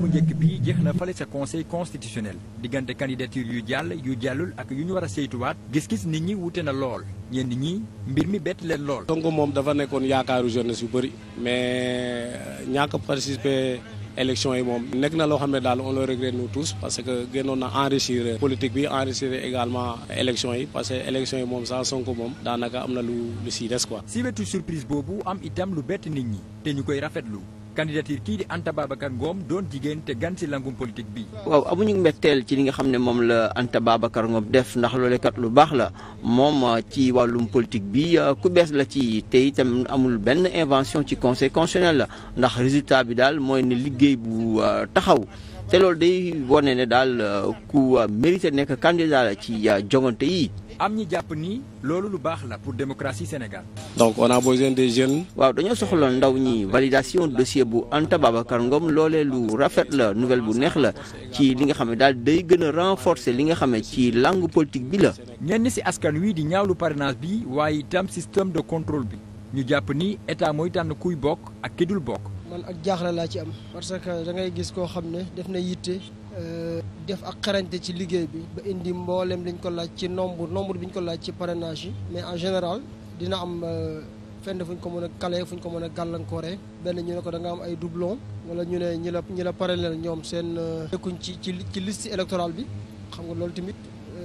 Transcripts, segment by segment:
mu njëkk bi jeex na fale sa conseil constitutionnel diggante candidature yu jàll yu jàllul ak yu ñu war a saytuwaat gis-gis nit ñi wute na lool nit ñi mbir mi bett leen lool. Sonko moom dafa nekkoon yaakaaru jeunesse su bëri. mais euh, ñàkk participer élection yi moom. nekk na loo xam ne daal on le regrette nous tous parce que gënoon na enrichir politique bi enrichir également élection yi parce que élection yi moom sax Sonko moom daanaka am na lu lu si des quoi. si wetu boobu am itam lu bett nit ñi te ñu koy rafetlu. candidature kii di Anta Babacar doon jigéen te gan si langum politique bi. waaw amuñu mbetteel ci li nga xam ne moom la Anta Babacar Ngom def ndax loolekat lu baax la moom ah, ci wàllum politique bi ah, ku bees la ci te itam amul benn invention ci conseil constitutionnel la ndax résultat bi daal mooy ne liggéey bu ah, taxaw. te loolu day wane ne daal euh, ku euh, mérité nekk candidat la ci euh, jongante yi. am ñi jàpp ni loolu lu baax la pour démocratie Sénégal. donc on a besoin des jeunes. waaw dañoo soxla ndaw ñi validation dossier bu Anta Babacar Ngom loolee lu rafet la nouvelle bu neex la ci li nga xam ne daal day gën a renforcer li nga xam ne ci langue politique bi la. ñenn ci askan wi di ñaaw lu parrainage bi waaye itam système de contrôle bi ñu jàpp ni état mooy tànn kuy bokk ak ki dul bokk. man ak jaaxle laa ci am parce que da ngay gis koo xam ne def na yitte euh, def ak xarañte ci liggéey bi ba indi mboolem liñ ko laaj ci nombre nombre bi ñu ko laaj ci parrainage yi mais en général dina am euh, fenn fu ñu ko mën a calee fu ñu ko mën a gàllankooree benn ñu ne ko da nga am ay doublon wala ñu ne ñi la ñi la parallèle ñoom seen euh, nekkuñ ci ci ci liste électorale bi xam nga loolu tamit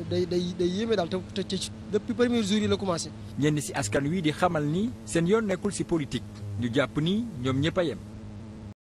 day day day yéeme daal te te ci depuis premier jour yi la commencé. ñenn si askan wi di xamal ni seen yoon nekkul ci politique ñu jàpp ni ñoom ñëpp a yem.